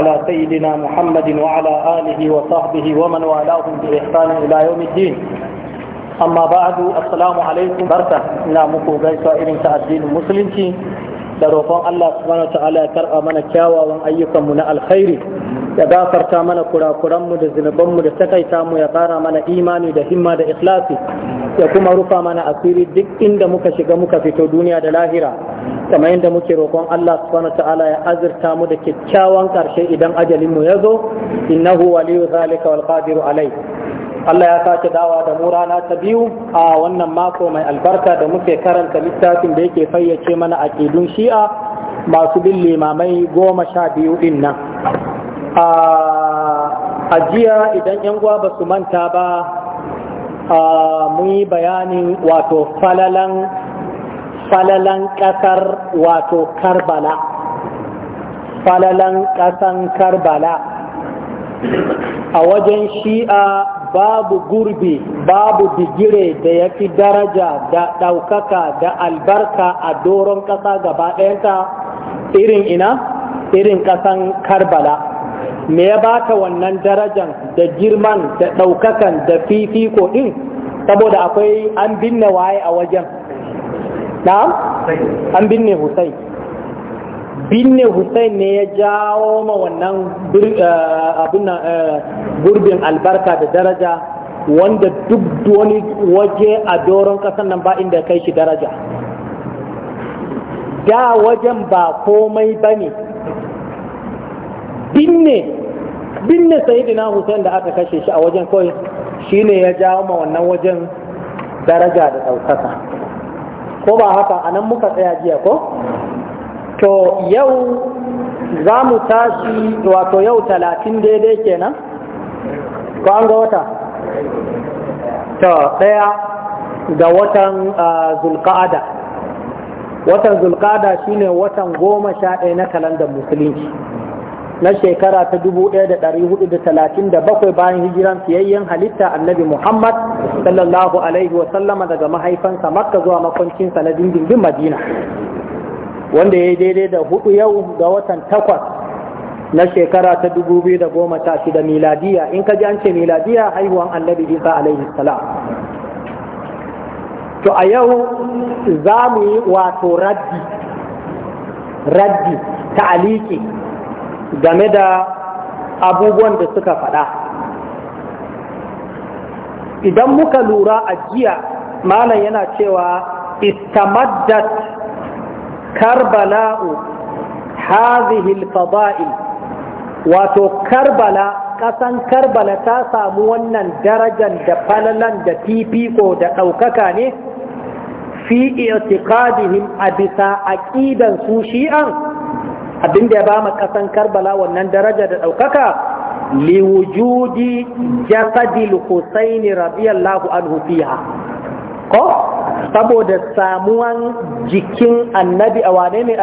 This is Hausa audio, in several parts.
على سيدنا محمد وعلى آله وصحبه ومن والاهم بإحسان إلى يوم الدين أما بعد السلام عليكم بركة لا مكو غيسا إرن الدين المسلم da roƙon Allah subhanahu wa ta'ala ya karɓa mana kyawawan ayyukanmu na alkhairi ya gafarta mana kurakuranmu da zunubanmu da takaita mu ya ƙara mana imani da himma da ikhlasi ya kuma rufa mana asiri duk inda muka shiga muka fito duniya da lahira kamar yadda muke roƙon Allah subhanahu ta'ala ya azurta mu da kyakkyawan ƙarshe idan ajalin mu ya zo innahu waliyu zalika wal qadiru alai Allah ya sake dawa da mu rana ta biyu a wannan mako mai albarka da muke karanta littafin da yake fayyace mana aqidun shi'a masu bin limamai goma sha biyu din nan a jiya idan yan gwa ba su manta ba mun yi bayanin wato falalan falalan ƙasar wato karbala falalan ƙasan karbala a wajen shi'a babu gurbi babu bigire da ya fi daraja da ɗaukaka da albarka a doron ƙasa gaba ɗayanta irin ina irin ƙasan karbala me ya ba ta wannan darajan da girman da ɗaukakan da fifiko ɗin saboda akwai an binne waye a wajen na'am an binne Hussein binne Hussein ne ya jawo ma wannan eh, eh, gurbin albarka da daraja wanda duk wani waje a doron kasan nan ba inda kai shi daraja da wajen ba komai ba ne binne binne sayidina Hussein da aka kashe shi a wajen kawai shine ya jawo ma wannan wajen daraja da ɗaukaka ko ba haka a nan muka tsaya jiya ko to yau za mu tashi wato yau talatin daidai kenan ko an ga wata to daya ga watan ah, zulka'ada watan zulka'ada shine watan goma sha ɗaya na kalandar musulunci na shekara ta da da bakwai bayan hijiran fiyayyen halitta annabi Muhammad sallallahu alaihi wa sallama daga mahaifansa Makka zuwa makoncinsa na dindindin Madina wanda ya yi daidai da hudu yau ga watan takwas na shekara ta 2016 miladiya in ka ji an ce miladiya haihuwan annabi Isa alaihi salam to a yau za mu yi wato raddi raddi aliki. game da abubuwan da suka faɗa idan muka lura a jiya malam yana cewa istamaddat karbala'u hazihil fada'il wato karbala ƙasan karbala ta samu wannan darajar da falalan da fifiko da ɗaukaka ne fi i'tiqadihim a bisa aƙidan su shi'an Abin da ya ba mu kasan karbala wannan daraja da ɗaukaka liwujudi jasadil husaini radiyallahu anhu fiha ko saboda samuwan jikin annabi a wane ne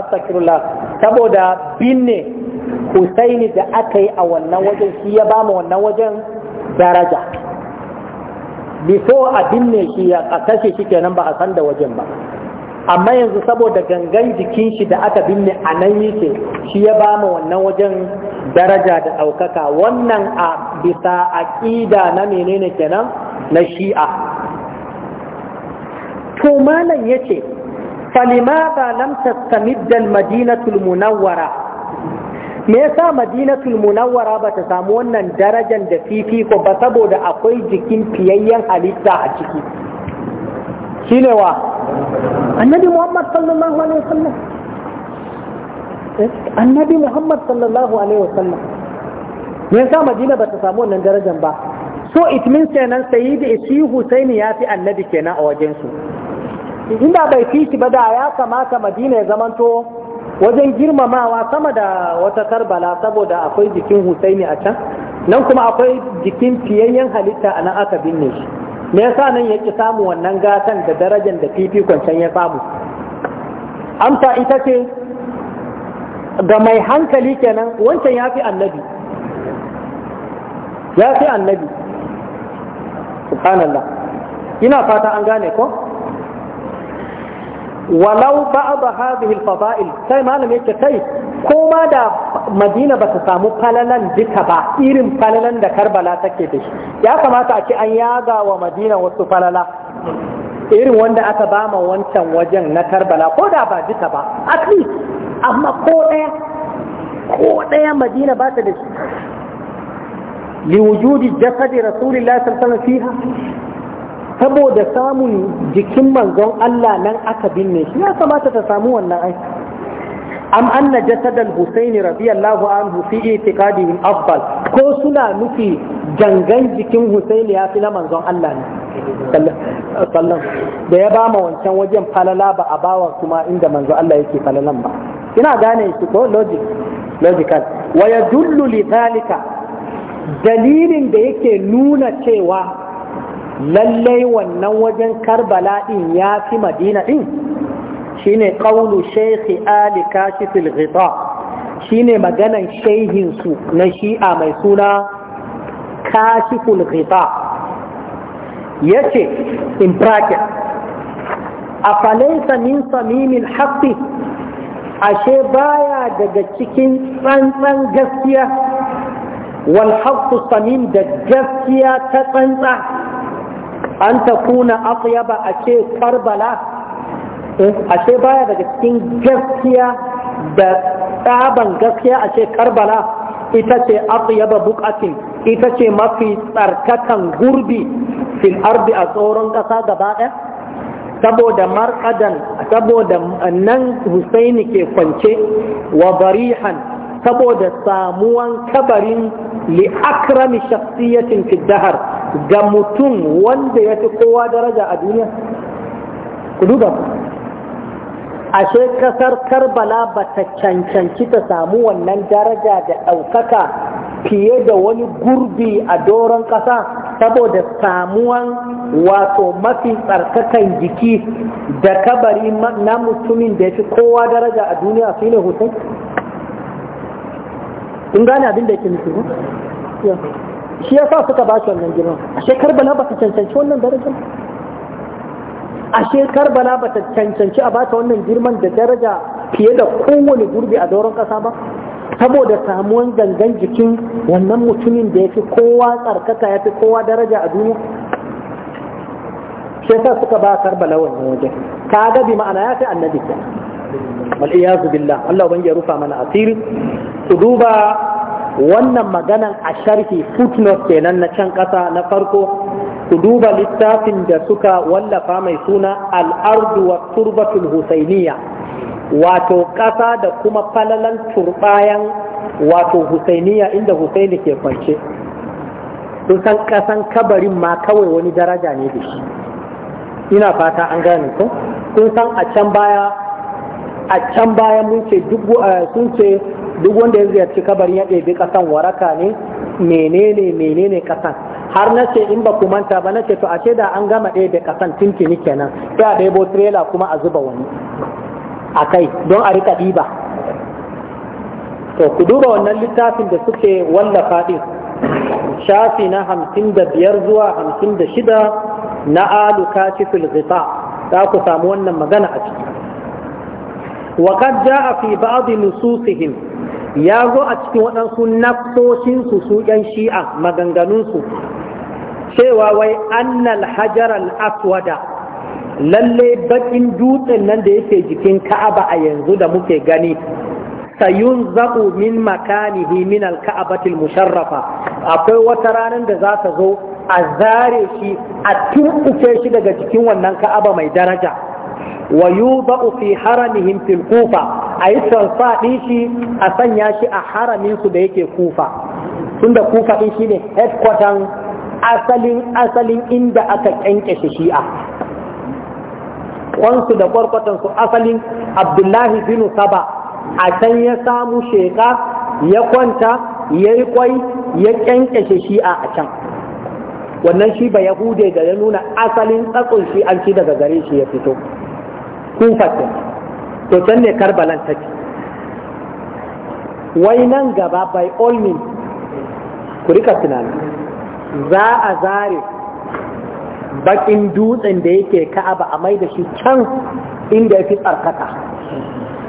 astakirullah saboda binne husaini da aka yi a wannan wajen shi ya ba mu wannan wajen daraja before a binne shi a kashe shi kenan ba a san da wajen ba amma yanzu saboda gangan jikin shi da aka binne a nan yake shi ya ba mu wannan wajen daraja da ɗaukaka wannan a bisa aƙida na menene kenan na shi'a to malam ya ce ba lam tastamidda madinatul munawwara me yasa madinatul munawwara ba ta samu wannan darajar da fifiko ba saboda akwai jikin fiyayyen halitta a ciki shine wa annabi muhammad sallallahu alaihi wasallam annabi muhammad sallallahu alaihi wasallam me yasa madina ba ta samu wannan darajar ba so it means kenan da shi husaini ya fi annabi kenan a wajen su inda bai fi shi ba da ya kamata madina ya zamanto wajen girmamawa sama da wata karbala saboda akwai jikin husaini a can nan kuma akwai jikin fiyayyen halitta a nan aka binne shi me yasa nan ya ki samu wannan gatan da darajar da fifikon can ya samu amsa ita ce ga mai hankali kenan wancan ya fi annabi ya fi annabi subhanallah ina fata an gane ko walau ba'd hadhihi al-fada'il sai malam yake kai ko ma da Madina ba ta samu falalan duka ba irin falalan da Karbala take da shi ya kamata a ce an yaga wa Madina wasu falala irin wanda aka bama wancan wajen na Karbala ko da ba duka ba at least amma ko ɗaya ko ɗaya Madina ba ta da shi liwujudi jasadi rasulillahi sallallahu alaihi wasallam fiha saboda samun jikin manzon Allah nan aka binne shi ya kamata ta samu wannan aiki am anna jasadal husaini radiyallahu anhu fi min afdal ko suna nufi gangan jikin husaini ya fi na manzon Allah ne sallam da ya ba ma wancan wajen falala ba a bawa kuma inda manzon Allah yake falalan ba ina gane shi ko logic logical wa yadullu li dalilin da yake nuna cewa lallai wannan wajen karbala din ya fi madina din shine qawlu shaykh ali kashi al Shi ne maganan shehin su na shi'a mai suna kashiful Ya yace in bracket afalaysa min samimin haqqi ashe baya daga cikin tsantsan gaskiya wal haqqu samin da gaskiya ta tsantsa an ta kuna atyaba a ce karbala a ce baya daga cikin gaskiya da tsaban gaskiya a ce karbala ita ce atyaba bukatin ita ce mafi tsarkakan gurbi fil ardi a tsoron ƙasa gaba ɗaya saboda markadan saboda nan husaini ke kwance wa barihan saboda samuwan kabarin li akrami shakhsiyatin fi dahar ga mutum wanda ya fi kowa daraja a duniya ku duba ashe kasar karbala ba ta cancanci ta samu wannan daraja da ɗaukaka fiye da wani gurbi a doron ƙasa saboda samuwan wato mafi tsarkakan jiki da kabari na mutumin da ya fi kowa daraja a duniya hussein in gane abin ke nufi shi ya sa suka ba shi wannan girman ashe karbala ba ta cancanci wannan darajar ashe karbala ba ta cancanci a ba ta wannan girman da daraja fiye da kowane gurbi a doron kasa ba saboda samuwan gangan jikin wannan mutumin da ya fi kowa tsarkaka ya fi kowa daraja a duniya shi sa suka ba karbala wannan waje ka ga bi ma'ana ya fi annabi kenan wal iyazu billah Allah ubangiji ya rufa mana asiri su duba wannan maganan a sharhi footnote kenan na can ƙasa na farko ku duba littafin da suka wallafa mai suna al'ardu wa turbatul husainiya wato ƙasa da kuma falalan turbayan wato husainiya inda husaini ke kwance sun san ƙasan kabarin ma kawai wani daraja ne da shi ina fata an gane ko sun san a can baya a can bayan mun ce duk eh, sun ce duk wanda ya ziyarci kabarin ya ɗebi ƙasan waraka ne menene menene ƙasan har na ce in ba ku manta ba na ce to ashe da an gama ɗebe ƙasan tintini kenan sai a ɗebo tirela kuma a zuba wani a kai don a riƙa ɗiba to ku duba wannan littafin da suke wallafa ɗin shafi na hamsin da biyar zuwa hamsin da shida na alu kashi ghita za ku samu wannan magana a ciki وقد جاء في بعض نصوصهم ya zo a cikin waɗansu nafsoshinsu su ‘yan shi'a maganganunsu cewa wai annal hajarar aswada lalle baƙin dutsen nan da yake jikin ka'aba a yanzu da muke gani sayun zaɓu min makanihi min alka'abatil musharrafa akwai wata ranar da za ta zo a zare shi a tumɓuke shi daga jikin wannan ka'aba mai daraja wa ufi fi haramihim fil kufa a yi transfer din shi a sanya shi a haramin su da yake kufa tunda kufa din shine headquarters asalin asalin inda aka kyankyashe shi'a su da su asalin abdullahi bin saba a can ya samu sheka ya kwanta ya yi kwai ya kyankyashe shi'a a can wannan shi ba yahude da ya nuna asalin tsakon shi an ci daga gare shi ya fito kufa ce to can ne karbalan take wai nan gaba by all means ku rika tunani za a zare bakin dutsen da yake ka'aba a mai da shi can inda ya fi tsarkaka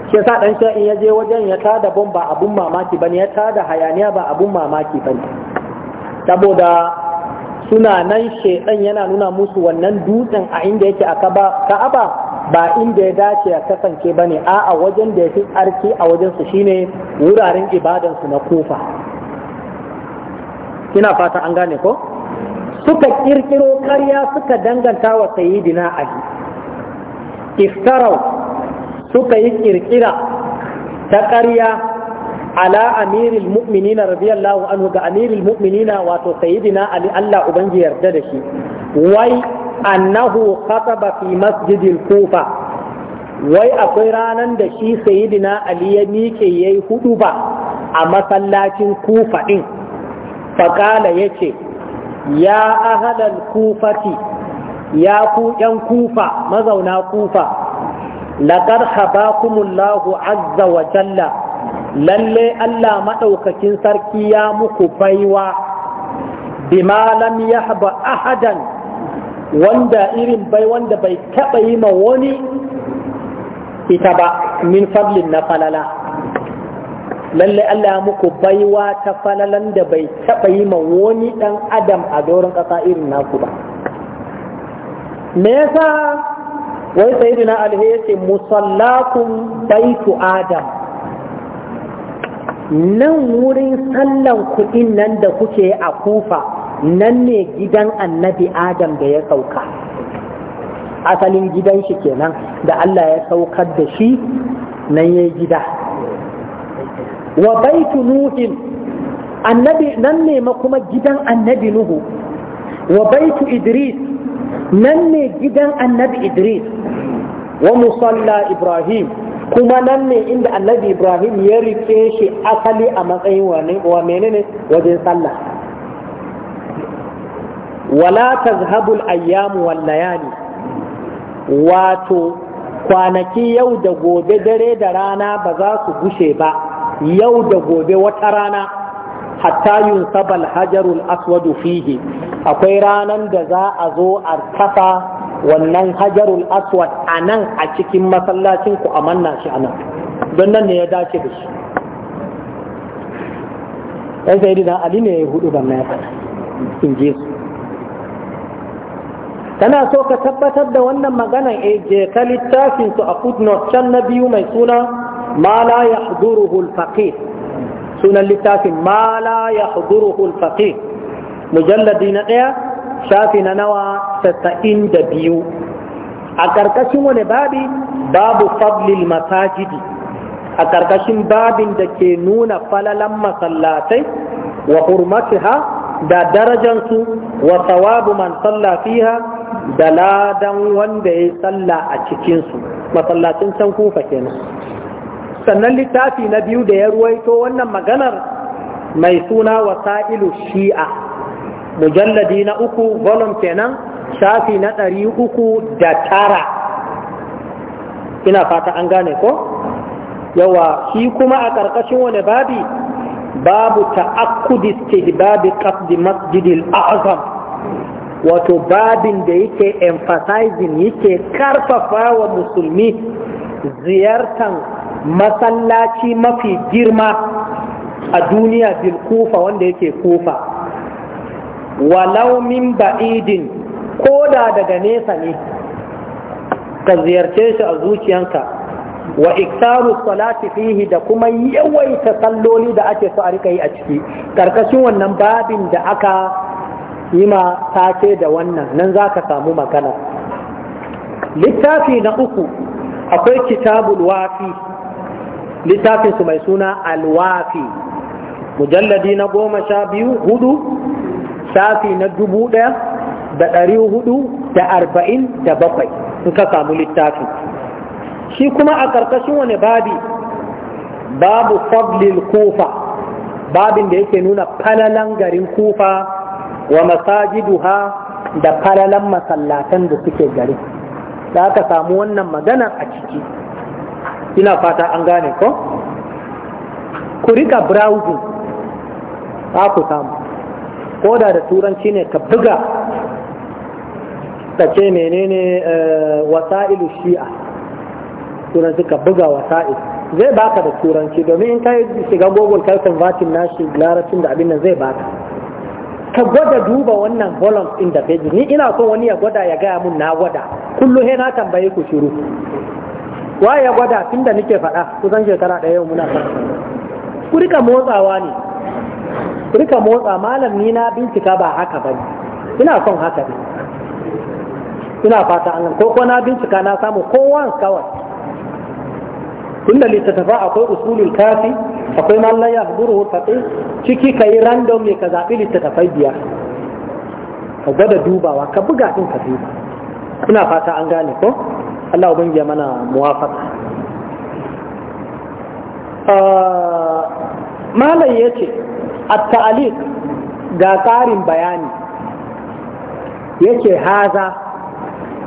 shi ɗan dan in ya je wajen ya tada bom ba abun mamaki ne, ya tada hayaniya ba abun mamaki ba ne. saboda suna nan shedan yana nuna musu wannan dutsen a inda yake a ka'aba ba inda ya dace a kasance ba ne a wajen da ya fi tsarki a wajensu shine wuraren ibadansu na kufa Kina fata an gane ko suka kirkiro karya suka danganta wa sayidina ali iftarau suka yi kirkira ta karya ala amiril mu'minina radiyallahu anhu ga amiril mu'minina wato sayidina ali Allah ubangi yarda da shi wai annahu khataba fi masjidil kufa wai akwai ranan da shi sayidina ali ya miƙe yayi hudu ba a masallacin kufa din Fakala ya ce ya ahalar kufati ya ku ‘yan kufa mazauna kufa laƙar habakumullahu azza wa jalla lalle Allah maɗaukacin sarki ya muku baiwa bima lam yahba ahadan wanda irin bai wanda bai taɓa yi ma wani ita ba min fablin na falala lallai Allah muku baiwa ta falalan da bai taɓa yi ma wani ɗan adam a doron ƙasa irin naku ba me yasa wai sayyidina na yace musallakum baitu adam nan wurin sallan kuɗin nan da kuke a kufa nan ne gidan annabi adam da ya sauka asalin gidan shi kenan da Allah ya saukar da shi nan ya gida wa baitu nuhin annabi nan ne ma kuma gidan annabi nuhu wa baitu idris nan ne gidan annabi idris wa musalla ibrahim kuma nan ne inda annabi ibrahim ya rike shi asali a matsayin wa menene wajen sallah wala tazhabul ayyamu wal ne, wato kwanaki yau da gobe dare da rana ba za su gushe ba yau da gobe wata rana hatta sabal hajarul aswadu fihi akwai ranan da za a zo a kasa wannan hajarul aswad a nan a cikin masallacin ku a manna shi a nan don nan ne ya dace da shi ɗan sayidina ali ne ya hudu ban na ya faɗa in jesu kana so ka tabbatar da wannan maganan eh je ka littafin su a footnote can na biyu mai suna ma la yahduruhu al-faqih sunan littafin ma la yahduruhu al-faqih mujalladi na daya shafi na nawa biyu? a karkashin wani babi babu fadlil masajidi a karkashin babin da ke nuna falalan masallatai wa hurmatiha da darajansu wa thawabu man salla fiha da ladan wanda ya tsalla a cikinsu masallacin can kufa kenan sannan littafi na biyu da ya ruwaito wannan maganar mai suna wasa'ilu shi'a mujalladi na uku volume kenan shafi na ɗari uku da tara ina fata an gane ko yawa shi kuma a ƙarƙashin wani babi babu ke babi ƙafdi masjidil a'zam wato babin da yake emphasizing yake karfafa wa musulmi ziyartan masallaci mafi girma a duniya bil kufa wanda yake kufa walau min ba'idin ko da daga nesa ne ka ziyarce shi a zuciyanka wa iktaru salati fihi da kuma yawaita salloli da ake so a rika yi a ciki karkashin wannan babin da aka yi ma take da wannan nan za ka samu magana littafi na uku akwai kitabul wafi littafinsu mai suna alwafi mujalladi na goma sha biyu hudu shafi na dubu ɗaya da ɗari hudu da arba'in da bakwai in ka samu littafi shi kuma a ƙarƙashin wani babi babu fadlil kufa babin da yake nuna falalan garin kufa wa masajiduha da falalan masallatan da suke gari da aka samu wannan magana a ciki ina fata an gane ko ku rika browsing za ku samu ko da da turanci ne ka buga ta ce menene eh, wasa'ilu shi'a turanci ka buga wasa'il zai baka da turanci domin in ka yi shiga google kai convertin nashi larabcin da abin nan zai baka ka gwada duba wannan bolon in da pages ni ina so wani ya gwada ya gaya mun na gwada kullu he na tambaye ku shiru wa ya gwada tun da nike faɗa kusan shekara ɗaya yau muna ku rika motsawa ne ku rika motsa malam ni na bincika ba haka ba ina son haka ne ina fata an ko ko na bincika na samu kowa kawai da littattafa akwai usulul kafi akwai mallan ya buru faɗi ciki ka yi random ne ka zaɓi littattafai biyar ka gwada dubawa ka buga ɗin ka duba ina fata an gane ko Allah ubangiji ya mana muwafaka ah, malam ya ce a ta'aliq ga ƙarin bayani yake haza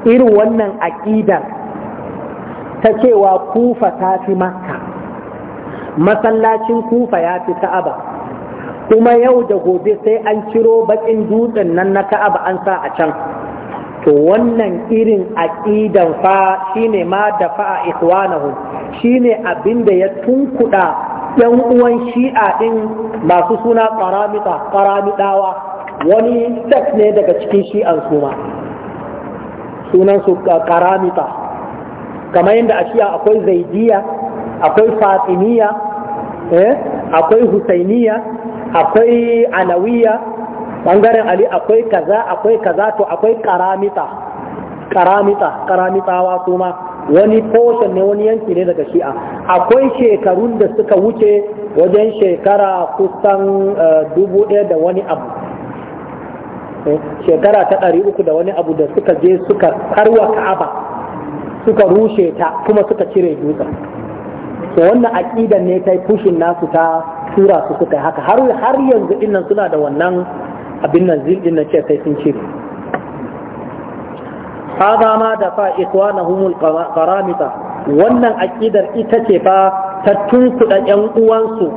irin wannan aƙidar ta cewa kufa ta fi maka. masallacin kufa ya fi ka'aba kuma yau da gobe sai an ciro bakin dutsen nan na ka'aba an sa a can to wannan irin aqidan fa shine ma da fa'a ikwanahu shine da ya tunkuda yan uwan shi'a din masu suna qaramita qaramidawa wani sect ne daga cikin shi'an su ma sunan su qaramita kamar yadda a shi'a akwai zaidiya akwai fatimiyya eh, akwai Hussainiya, akwai Alawiyya, bangaren ali akwai kaza akwai kaza to akwai karamita karamita karamitawa kuma wani portion ne wani yanki ne daga shi'a akwai shekarun da suka wuce wajen shekara kusan eh, dubu ɗaya da wani abu eh, shekara ta ɗari uku da wani abu da suka je suka karwa ka'aba suka rushe ta kuma suka cire dutsen to wannan aqidan ne ta pushin nasu ta tura su suka haka har har yanzu dinnan suna da wannan abin nan zil dinnan ce sai sun ce hada ma da fa ikwanahumul qaramita wannan aqidar ita ce fa ta tunkuda yan uwansu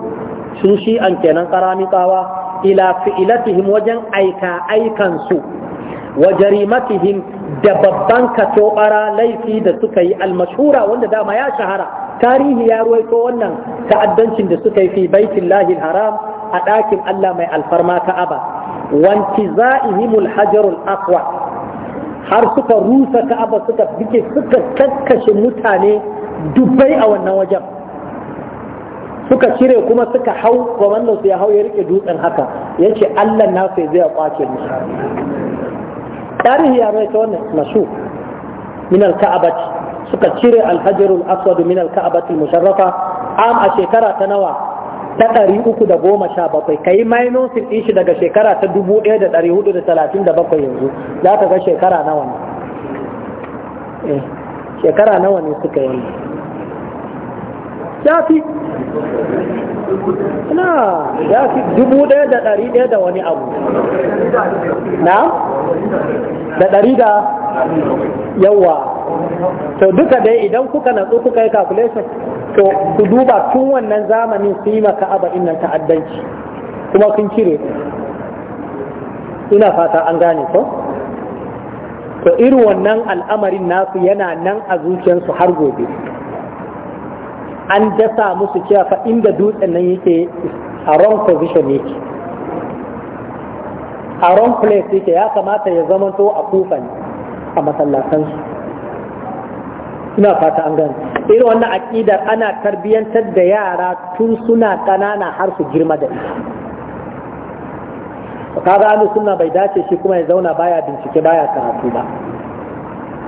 sun shi an kenan qaramitawa ila fi'ilatihim wajen aika aikansu wa jarimatihim da babban katobara laifi da suka yi almashura wanda dama ya shahara tarihi ya ruwaito wannan ta'addancin da suka yi fi baitillahi haram a ɗakin Allah mai alfarma Ka'aba wanti za'ihimul hajarul aqwa har suka rusa Ka'aba suka bike suka kakkashe mutane dubbai a wannan wajen suka cire kuma suka hau gwamnan su ya hau ya rike dutsen haka yace Allah na sai zai kwace tarihi ya ruwaito wannan masu min al-ka'abati suka cire alhajarul aswad min alka'abatul musharrafa am a shekara ta nawa ta ɗari uku da goma sha bakwai ka yi ɗin shi daga shekara ta dubu ɗaya da ɗari hudu da talatin da bakwai yanzu za ka ga shekara nawa ne eh, shekara nawa ne suka yi Yafi na ya fi dubu ɗaya da ɗari ɗaya da wani abu na da ɗari da yawa to duka dai idan kuka natsu kuka yi calculation to ku duba tun wannan zamanin su yi maka aba inna ta'addanci kuma kun cire ina fata an gane ko to irin wannan al'amarin nasu yana nan a zuciyarsu har gobe an dasa musu cewa fa inda dutsen nan yake a wrong position yake a wrong place yake ya kamata ya zama to a kufa a a su, ina fata an gani irin wannan aƙidar ana tarbiyyantar da yara tun suna ƙanana har su girma da ita kaga ahlus sunna bai dace shi kuma ya zauna baya bincike baya karatu ba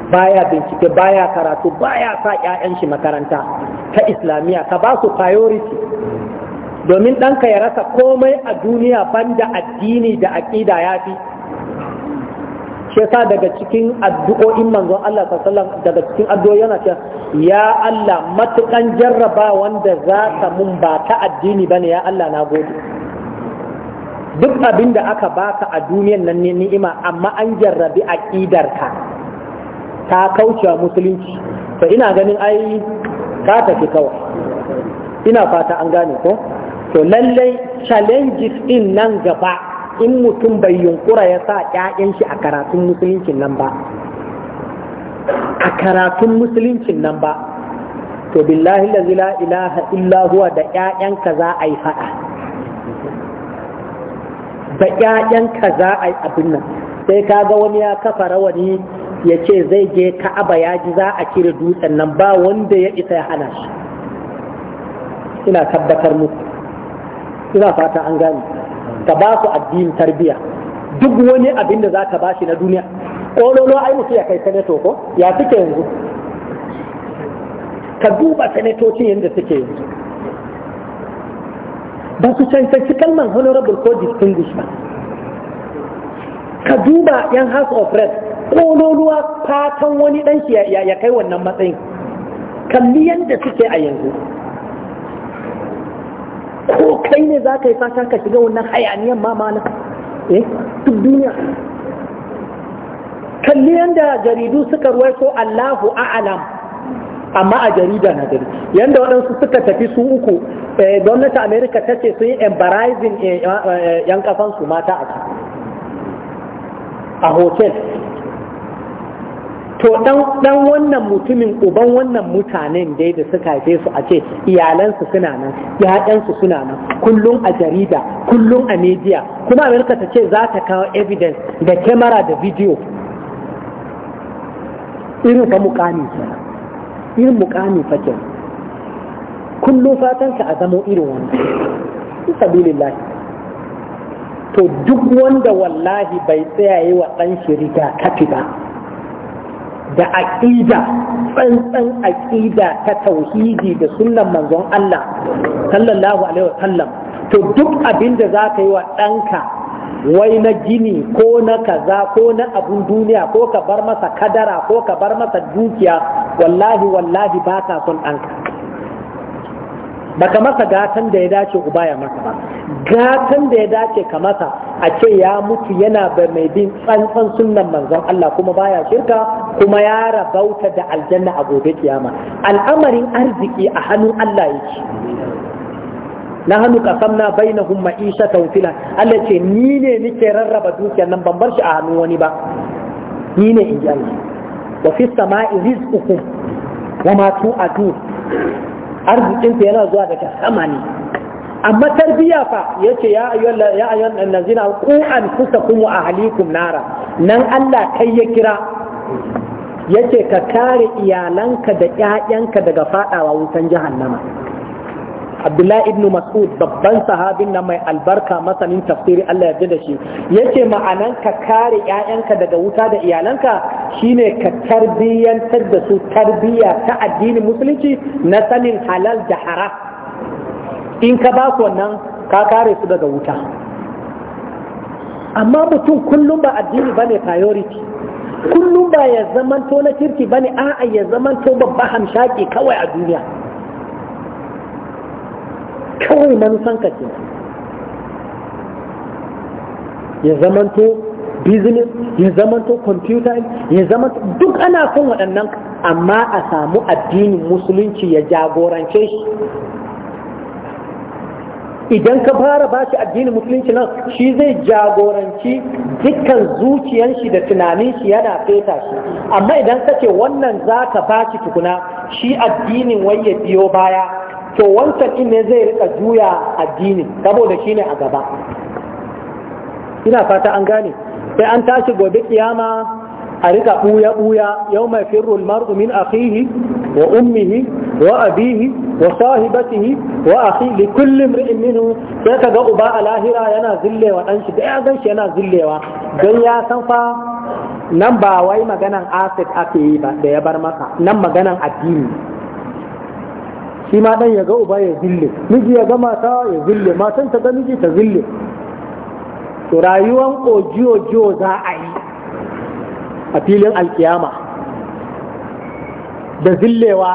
baya bincike baya karatu baya sa ƴaƴan shi makaranta ta islamiyya ka ba su priority domin ɗanka ya rasa komai a duniya banda addini da aƙida ya fi shi yasa daga cikin addu'o'in manzo Allah sallallahu daga cikin addu'o'i yana cewa ya Allah matukan jarraba wanda za ka mun ba ta addini bane ya Allah na duk abin da aka baka a duniyan nan ne ni'ima amma an jarrabi ka. ta kaucewa musulunci to ina ganin ai ka tafi kawai ina fata an gane ko to lallai challenges din nan gaba in mutum bai yunkura ya sa ƴaƴan shi a karatun musuluncin nan ba a karatun musuluncin nan ba to billahi la ilaha illa huwa da ka za a yi faɗa da ka za a yi abin nan sai ka ga wani ya kafa rawani ya ce zai je ka'aba ya ji za a cire dutsen nan ba wanda ya isa ya hana shi ina tabbatar muku ina fata an gane ka ba su addinin tarbiya duk wani abin da za ka ba shi na duniya ƙololo ai mutu ya kai sanato ko ya suke yanzu ka duba sanatocin yadda suke yanzu ba su cancanci kalman honorable ko distinguished ba ka duba yan house of rest ƙololuwa fatan wani ɗan shi ya kai wannan matsayin kalli yadda suke a yanzu ko kai ne za ka yi fata ka shiga wannan hayaniyan ma mana eh duk duniya kalli yadda jaridu suka ruwaito Allahu a'alam amma a jarida na gari yadda waɗansu suka tafi su uku eh, gwamnatin Amerika ta ce sun yi embarazin eh, eh, yan kafansu mata a a hotel to dan wannan mutumin uban wannan mutanen dai da suka haife su a ce iyalansu suna nan ya'yansu suna nan kullum a jarida kullum a media kuma Amurka ta ce za ta kawo evidence da kyamara da video irin fa mukami kenan irin mukami fa kenan kullum fatan ka a zamo irin wani in sabilillah to duk wanda wallahi bai tsayaye wa ɗan shirika kafi ba da aƙida tsantsan aƙida ta tauhidi da sunnan manzon Allah sallallahu alaihi sallam, to duk abin da za ka yi wa ɗanka wai na gini ko na kaza ko na abun duniya ko ka bar masa kadara ko ka bar masa dukiya wallahi wallahi ba ka son ɗanka baka masa gatan da ya dace uba ya masa ba gatan da ya dace ka masa a ce ya mutu yana mai bin tsantsan sunnan manzon Allah kuma baya shirka kuma ya rabauta da aljanna a gobe kiyama al'amarin arziki a hannun Allah yake na hannu kasamna bainahum ma'isha tawfila Allah ce ni ne nike rarraba dukiyar nan ban bar shi a hannun wani ba ni ne in ji Allah wa fi sama'i rizqukum wa ma tu'adun arzikin yana zuwa daga sama ne amma tarbiya fa yace ya ayyuhal ya ayyuhan allazina qu anfusakum wa ahlikum nara nan Allah kai ya kira yace ka kare iyalanka da ƴaƴanka daga fadawa wutan jahannama Abdullahi ibn Mas'ud babban sahabin nan mai albarka masanin tafsiri Allah ya da shi yace ma'anan ka kare ƴaƴanka daga wuta da iyalanka shine ka tarbiyyantar da su tarbiyya ta addinin musulunci na sanin halal da haram in ka ba su wannan ka kare su daga wuta amma mutum kullum ba addini bane priority kullum ba ya zamanto na kirki ba ne a'a ya zamanto babba hamshaki kawai a duniya kawai ka ce. ya zamanto business ya zamanto computer ya zamanto duk ana son waɗannan amma a samu addinin musulunci ya jagorance shi idan ka fara ba shi addinin musulunci nan shi zai jagoranci dukkan zuciyar shi da tunanin shi yana feta shi amma idan ka ce wannan za ka ba shi tukuna shi addinin wai ya biyo baya to wancan in ne zai rika juya addinin saboda shi ne a gaba ina fata an gane sai an tashi gobe kiyama a rika buya-buya, yau mai firrul mar'u min akhihi wa ummihi wa abihi wa sahibatihi wa akhi li kulli minhu sai kaga uba a lahira yana zillewa dan shi da ya gan shi yana zillewa dan ya san fa nan ba wai maganan asid ake yi ba da ya bar maka nan maganan addini shi ma dan ya ga uba ya zille miji ya ga mata ya zille matan ta ga miji ta zille to rayuwan ojiyo za a yi a filin alkiyama da zillewa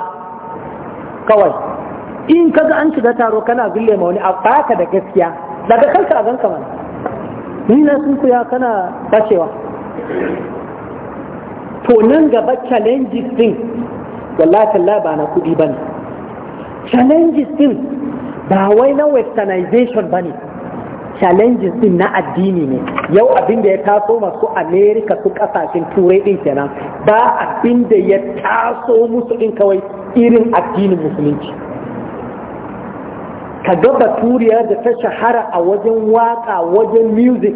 kawai in kaga an shiga taro kana gille ma wani a baka da gaskiya daga kanka a ganka mana ni na sun kuya kana bacewa to nan gaba challenges din wallahi tallahi ba na kudi bane challenges din ba wai na westernization bane challenges din na addini ne yau abin da ya taso masu america su kasashen turai din kenan ba abin da ya taso musu din kawai irin addinin musulunci ka ga baturiya da ta shahara a wajen waka wajen music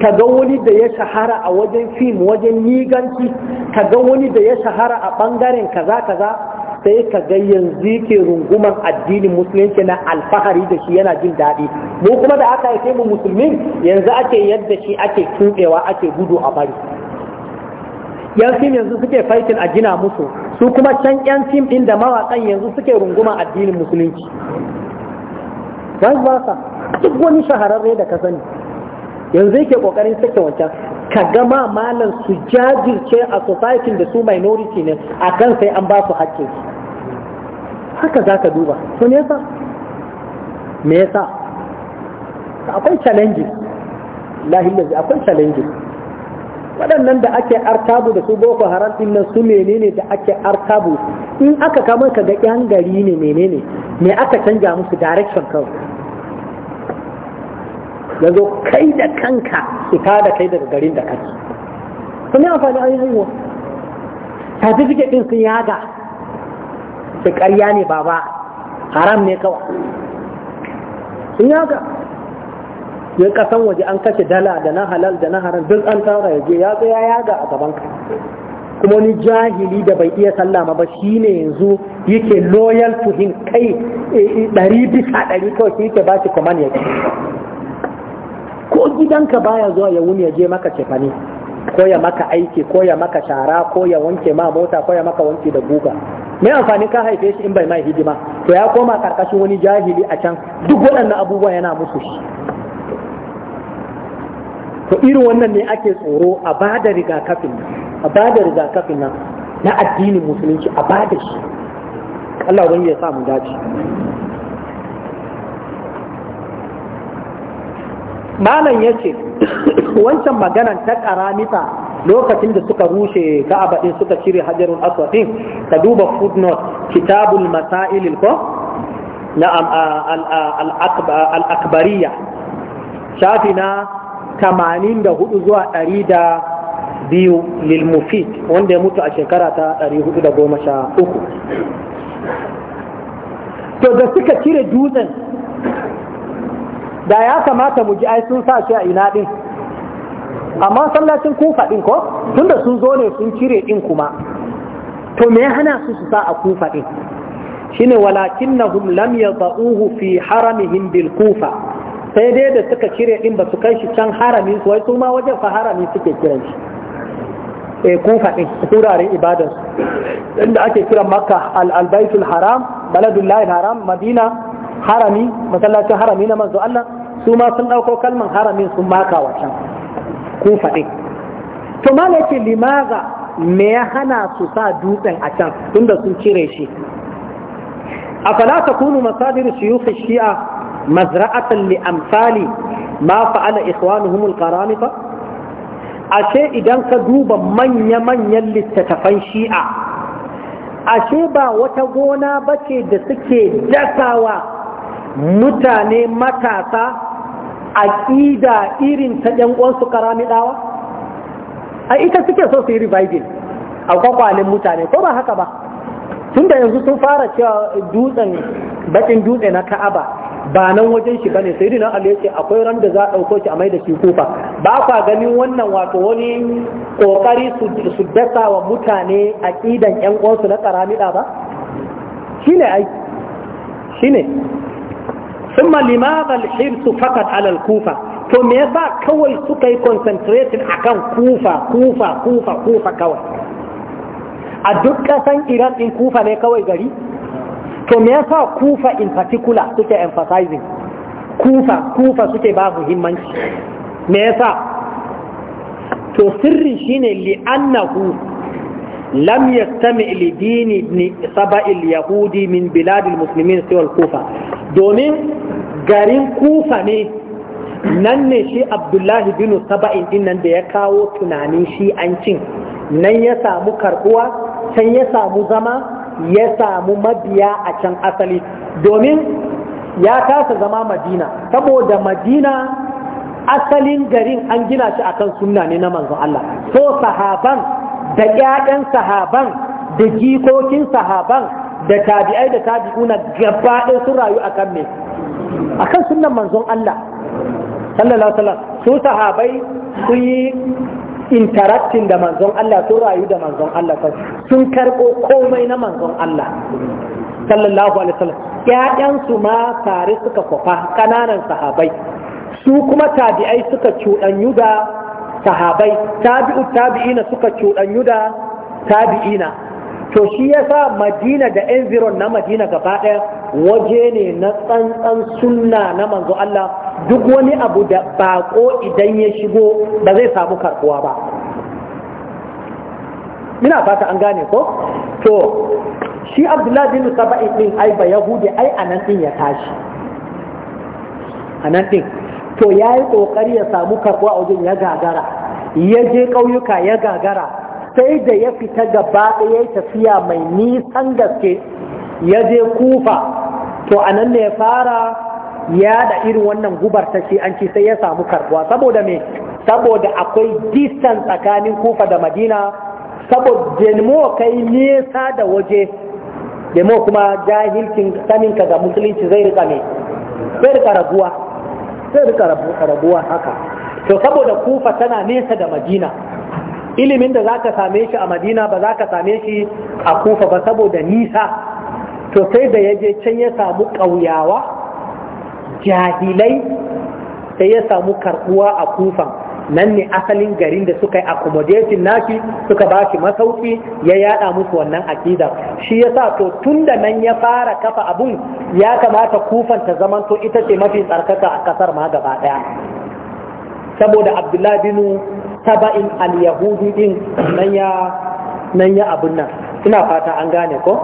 ka ga wani da ya shahara a wajen fim wajen niganci ka ga wani da ya shahara a bangaren kaza kaza sai ka ga yanzu ke runguman addinin musulunci na alfahari da shi yana jin daɗi mu kuma da aka yake mu musulmi yanzu ake yadda shi ake tuɗewa ake gudu a bari yan fim yanzu suke faikin a gina musu su kuma can yan fim ɗin da mawaƙan yanzu suke runguman addinin musulunci vice versa duk wani shahararre da ka sani yanzu yake kokarin sake wancan ka gama malam su jajirce a society da su minority ne a kan sai an ba su hakkin su haka za ka duba su ne yasa me yasa akwai challenges lahi akwai challenges waɗannan da ake artabu da su boko haram din nan su menene da ake artabu in aka kama ka ga yan gari ne menene me aka canja musu direction kawai ya zo kai da kanka fita da kai daga garin da kake sun yi amfani an yi haihuwa certificate din sun yaga su karya ne baba haram ne kawai sun yaga ya kasan waje an kashe dala da na halal da na haram duk an tara ya je ya zo ya yaga a gaban ka kuma wani jahili da bai iya sallama ba shine yanzu yake loyal to him kai eh, eh, ɗari bisa ɗari kawai shi yake ba shi command ya ce ko gidanka baya zuwa ya wuni ya je maka cefane ko ya maka aiki ko ya maka shara ko ya wanke ma mota ko ya maka wanke da guga mai amfani ka haife shi in bai mai hidima to ya koma karkashin wani jahili a can duk waɗannan abubuwa yana musu shi to irin wannan ne ake tsoro a bada rigakafin a bada rigakafin nan na addinin musulunci a bada shi Allah wani ya sa mu dace malam ya ce wancan maganan ta karamita lokacin da suka rushe ka'aba din suka cire hajarun aswad ka duba footnote kitabul masail ko na al'akbariya. shafi na 84 zuwa 102 lil mufid wanda ya mutu a shekara ta 413 to da suka cire dutsen da ya kamata mu ji ai sun sa shi a ina din amma sallacin kufa din ko tunda sun zo ne sun cire din kuma to me hana su su sa a kufa din shine walakinnahum lam yadauhu fi haramihim bil kufa sai dai da suka cire din ba su kai shi can haramin su wai su ma wajen fa harami suke kiran shi eh kufa din turaren ibadar inda ake kiran makka al-baitul haram baladullahi haram madina harami masallacin harami na manzo Allah su ma sun ɗauko kalman haramin sun maka wa can kun faɗi to ma yake limaza me ya hana su sa dutsen a can tunda sun cire shi afala takunu masadir shuyukh shi'a mazra'atan li amsali ma fa'ala ikhwanuhum al-qaramita ashe idan ka duba manya-manyan littattafan shi'a ashe ba wata gona bace da suke dasawa mutane matasa a ƙida irin ta ɗan uwansu a ita suke so su yi revival a kwakwalin mutane ko ba haka ba tun da yanzu sun fara cewa dutsen baƙin dutse na ka'aba ba nan wajen shi bane sai dinan Allah ce akwai ran da za a ɗauko shi a maida shi kufa ba kwa ganin wannan wato wani ƙoƙari su dasa wa mutane a ƙidan ƴan uwansu na ƙaramiɗa ba Shi aiki, ai ne. ثم لماذا الحرص فقط على الكوفة ثم يسا كوي سكي كونسنتريت أكان كوفة كوفة كوفة كوفة كوي أدوك سن إيران إن كوفة ني كوي غري ثم يسا كوفة إن particular سكي emphasizing كوفة كوفة سكي باب همانش me yasa to sirri shine li'annahu lam yastami li ni saba'il yahudi min biladil muslimin siwal kufa domin garin kufa ne nan ne shi abdullahi bin saba'in din da ya kawo tunanin shi an cin nan ya samu karbuwa can ya samu zama ya samu mabiya a can asali domin ya kasa zama madina saboda madina asalin garin an gina shi akan sunna ne na manzon Allah so sahaban da ƴaƴan sahaban da jikokin sahaban da tabi'ai da tabi'una gaba ɗaya sun rayu akan me akan sunan manzon Allah sallallahu alaihi su sahabai su yi interacting da manzon Allah sun rayu da manzon Allah sun karɓo komai na manzon Allah sallallahu alaihi wasallam ƴaƴansu ma tare suka kwafa ƙananan sahabai su kuma tabi'ai suka cuɗanyu da sahabai tabi'u tabi'ina suka cuɗanyu da tabi'ina to shi yasa madina da environ na madina gaba ɗaya waje ne na tsantsan sunna na manzo Allah duk wani abu da bako idan ya shigo ba zai samu karkuwa ba ina fata an gane ko to shi abdullahi bin saba'i din ai ba yahudi ai anan din ya tashi anan din to ya yi ƙoƙari ya samu karɓuwa a wajen ya gagara ya je ƙauyuka ya gagara sai da ya fita gaba ɗaya tafiya mai nisan gaske ya je kufa to a nan ne ya fara yaɗa irin wannan gubar ta shi an ci sai ya samu karɓuwa saboda me saboda akwai distan tsakanin kufa da madina saboda jenmo kai nesa da waje demo kuma jahilcin saninka ga musulunci zai rika ne zai rika raguwa sai rika rabuwa haka to saboda kufa tana nesa da madina ilimin da zaka same shi a madina ba za ka same shi a kufa ba saboda nisa to sai da ya je can ya samu ƙauyawa jahilai sai ya samu karɓuwa a kufan nan ne asalin garin da suka yi accommodating naki suka ba shi masauki ya yada musu wannan akida shi yasa to tun da nan ya fara kafa abun ya kamata kufan ta zaman to ita ce mafi tsarkaka a kasar ma gaba daya saboda abdullahi bin taba'in al-yahudi din nan ya nan ya abun nan ina fata an gane ko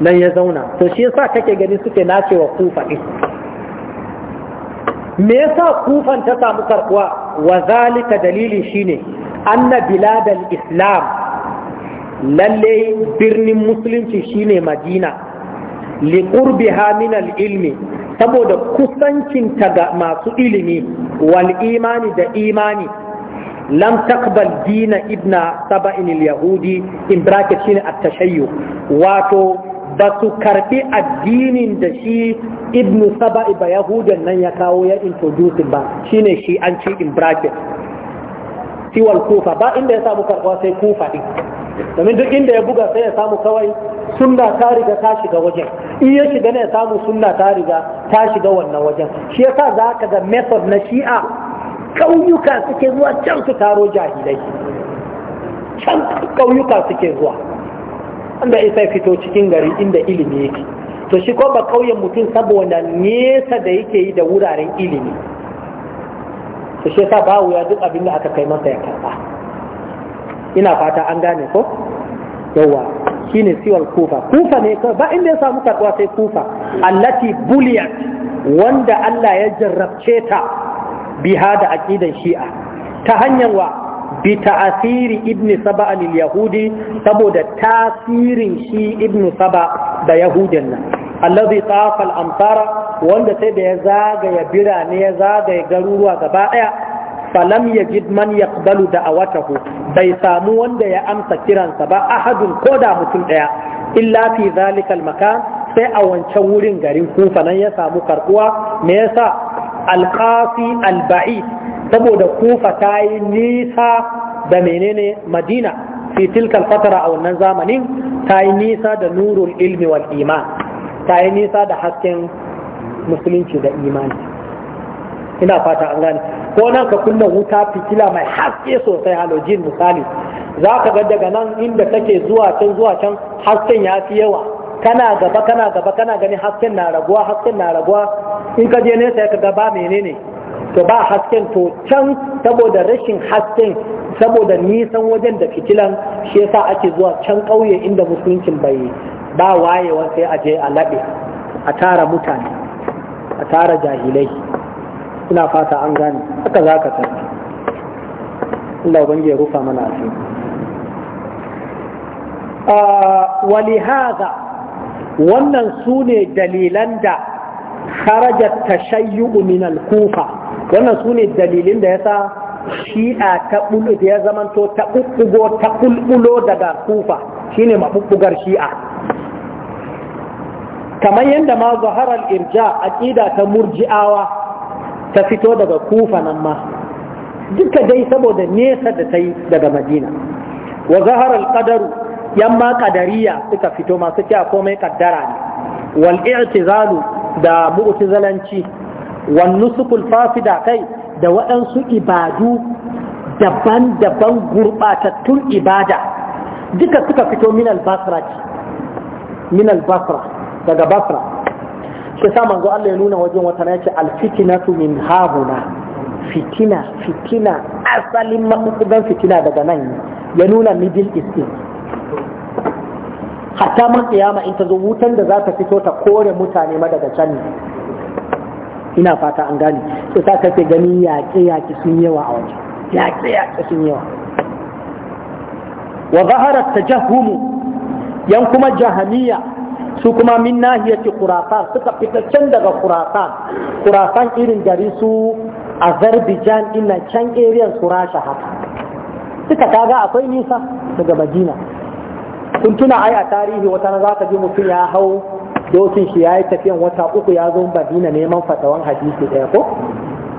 nan ya zauna to shi yasa kake gani suke nacewa kufa din me yasa kufan ta samu karbuwa wa zalika dalili shine anna biladal islam lalle birnin musulunci shine madina li qurbiha min al ilmi saboda kusancinta ga masu ilimi wal imani da imani lam taqbal dina ibna saba'in al yahudi in bracket shine at tashayyu wato ba su karbi addinin da shi ibn saba'i ba yahudan nan ya kawo ya introduce ba shine shi an ce in bracket siwal kufa ba inda ya samu karɓa sai kufa din domin duk inda ya buga sai ya samu kawai sunna ta riga ta shiga wajen in ya shiga ne ya samu sunna ta riga ta shiga wannan wajen shi yasa za ka ga method na shi'a ƙauyuka suke zuwa can su taro jahilai can ƙauyuka suke zuwa wanda isa fito cikin gari inda ilimi yake to shi ko ba kauyen mutum saboda nesa da yake yi da wuraren ilimi to shi yasa bawu ya duk abin da aka kai masa ya karba ina fata an gane ko yawa shine siwal kufa kufa ne ba inda ya samu karbuwa sai kufa allati buliyat wanda Allah ya jarrabce ta biha da aqidan shi'a ta hanyar wa bi ta'asiri ibn saba lil yahudi saboda tasirin shi ibnu saba da yahudin nan allazi tafa al amsara wanda sai da ya zagaya birane ya zagaya garuruwa gaba daya falam yajid man yaqbalu da'awatahu bai samu wanda ya amsa kiransa ba ahadun koda mutum daya illa fi zalika al makan sai a wancan wurin garin kufa nan ya samu karbuwa me yasa qafi al ba'id saboda kufa ta yi nisa da menene madina fi tilkal fatara a wannan zamanin ta yi nisa da nurul ilmi wal iman ta yi nisa da hasken musulunci da imani ina fata an gane ko nan ka kunna wuta fitila mai haske sosai halogin misali za ka ga daga nan inda take zuwa can zuwa can hasken ya fi yawa kana gaba kana gaba kana gani hasken na raguwa hasken na raguwa in ka je nesa ka gaba menene to ba hasken to can saboda rashin hasken saboda nisan wajen da fitilan shi yasa ake zuwa can ƙauye inda musuluncin bai ba wayewa sai a je a laɓe a tara mutane a tara jahilai ina fata an gane haka za ka tafi Allah ubangiji ya rufa mana asiri ah, walihaza wannan su ne dalilan da kharajat tashayyu min al-kufa wannan sune dalilin da yasa shi'a ta bulu da ya zamanto ta ukkugo ta kulkulo daga kufa shine mabubbugar shi'a kamar yadda ma zahara al-irja aqida ta murji'awa ta fito daga kufa nan ma duka dai saboda nesa da ta yi daga madina wa zahara al-qadaru yamma qadariya suka fito masu cewa komai kaddara ne wal i'tizalu da mu'tazalanci wan nusukul fasida kai da waɗansu ibadu daban-daban gurɓatattun ibada duka suka fito min al-basra min basra daga basra shi saman manzo Allah ya nuna wajen wata na yace al-fitnatu min fitina fitina asalin makudan fitina daga nan ya nuna middle east hatta man kiyama in ta zo wutan da za ta fito ta kore mutane madagacin can ina fata an gane sai ta kace gani yaƙe yaƙe sun yawa a wajen yaƙe yaƙe sun yawa wa zahara tajahumu yan kuma jahaniya su kuma min nahiyati khurasan suka fita can daga khurasan khurasan irin gari su azerbaijan ina can area su rasha haka suka kaga akwai nisa daga madina kun tuna ai a tarihi wata za ka ji mutum ya hau dokin shi ya yi tafiyan wata uku ya zo Madina neman fatawan hadisi ɗaya ko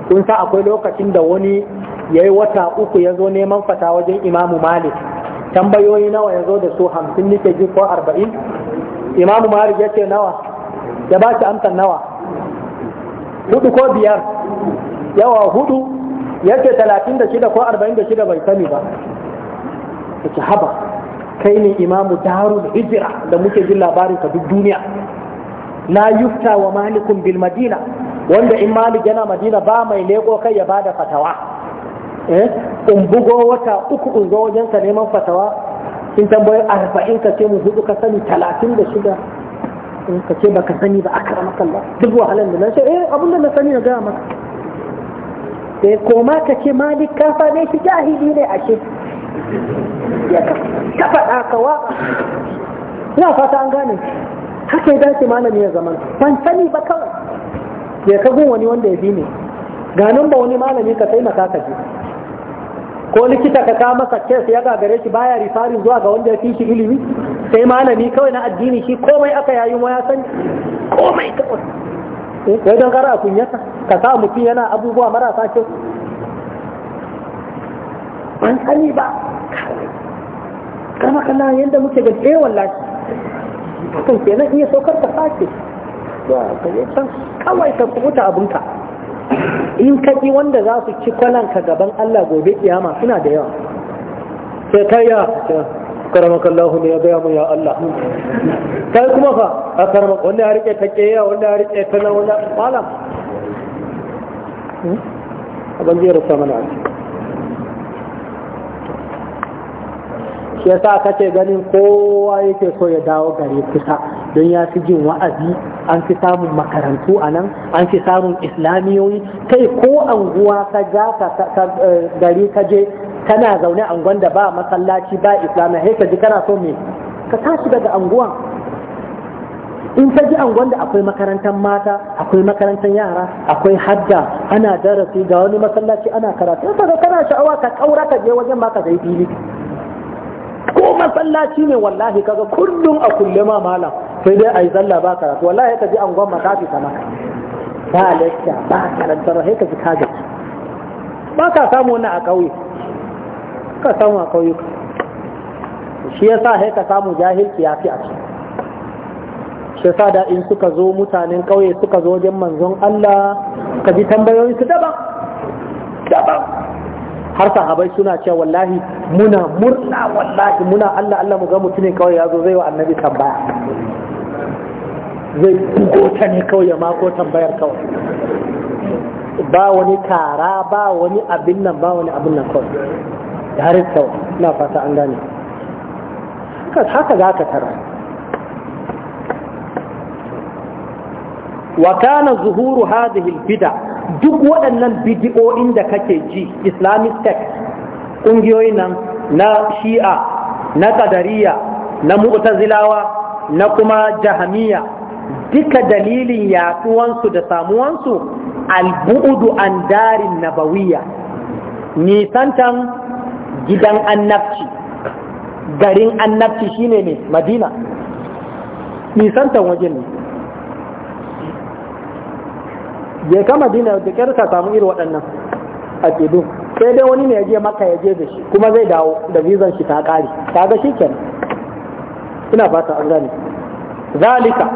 kun sa akwai lokacin da wani ya yi wata uku ya zo neman fata wajen imamu malik tambayoyi nawa ya zo da su hamsin nike ji ko arba'in imamu malik ya ce nawa ya ba shi amsar nawa hudu ko biyar yawa hudu ya ce talatin da shida ko arba'in da shida bai sani ba ta haba kai ne imamu darul hijira da muke jin labarin ka duk duniya la yufta wa malikun bil madina wanda in malik yana madina ba mai leko kai ya bada fatawa eh in bugo wata uku in zo wajen ka neman fatawa in tambayi arba'in ka ce mu hudu ka sani talatin da shida in ka ce baka sani ba aka ramaka kalla. duk wahalar da na ce eh abinda na sani na gaya maka sai eh, koma ka ce malik ka ne shi jahili ne ashe ya kafa ɗaka waka ina fata an gane haka ya dace malami ya zaman ban sani ba kawai ya kagun wani wanda ya bi ne ganin ba wani malami ka sai ka je ko likita ka kawo masa kes ya gagare shi baya rifarin zuwa ga wanda ya fi shi ilimi sai malami kawai na addini shi komai aka yayi ma ya sani komai kawai sai eh, don kara a kunyata ka sa mutum yana abubuwa marasa kyau an sani ba kama kana yadda muke ga tsaye wallahi ke nan iya saukar ka sake ka je can kawai ka kubuta abinka in ka ji wanda za su ci kwalanka gaban Allah gobe kiyama suna da yawa sai kai ya karamaka Allah ne ya gaya mu ya Allah kai kuma fa a karamaka wanda ya rike ta keya wanda ya rike ta na wanda malam hmm? abin zai rasa mana a shi yasa kace ganin kowa yake so ya dawo gare kusa don ya fi jin wa'azi an fi samun makarantu a nan an fi samun islamiyoyi kai ko anguwa ka ja ka eh, gari ka je kana zaune anguwan da ba masallaci ba islami sai ka ji kana so me ka tashi daga anguwan in ka ji angon da akwai makarantar mata akwai makarantar yara akwai hadda ana darasi ga wani masallaci ana karatu ka ga kana sha'awa ka kaura ka je wajen ma ka fili ko masallaci ne wallahi kaga kullum a kulle ma malam sai dai a yi sallah ba karatu wallahi ka ji an gwamma ta fi sama ba lecture ba karantar sai ka ji ka gaji ba ka samu wani a ƙauye ka samu a ƙauyuka shi ya sa sai ka samu jahilci ya fi a ciki shi ya sa da in suka zo mutanen ƙauye suka zo wajen manzon Allah ka ji tambayoyin su daban daban har sahabai suna cewa wallahi muna murna wallahi muna Allah Allah mu ga mutumin kawai ya zo zai wa annabi tambaya zai bugo ta ne kawai ya mako tambayar kawai ba wani kara ba wani abin nan ba wani abin nan kawai da harin kawai ina fata an gane haka za ka tara wa kana zuhuru hadhihi al-bid'a duk waɗannan bidiyoyin da kake ji islamic tech ƙungiyoyin nan na shi'a na ƙadariya na mu'tazilawa na kuma jahamiya duka dalilin yaɗuwansu da samuwansu albu'udu an darin nabawiya nisantan gidan annabci garin annabci shine ne madina nisantan wajen ne je ka madina da kyar ka samu irin waɗannan aƙidu sai dai wani ne ya je maka ya je da shi kuma zai dawo da vizan shi ta ƙare kaga shi ina fata an gane zalika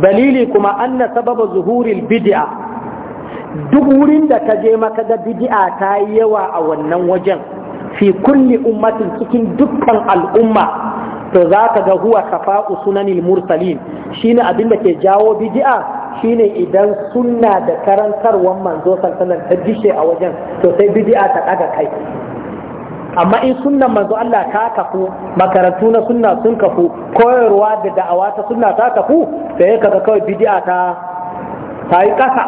dalili kuma anna sababa zuhuril bid'a duk wurin da ka je maka ga bid'a ta yi yawa a wannan wajen fi kulli ummatin cikin dukkan al'umma to za ka ga huwa kafa'u sunanil mursalin shine abin da ke jawo bid'a shine idan sunna da karantarwar manzo sallallahu ta dishe a wajen to sai bid'a ta daga kai amma in sunnan manzo Allah ta kafu makarantu na suna sun kafu koyarwa da da'awa ta sunna ta kafu sai kaga kawai bid'a ta yi kasa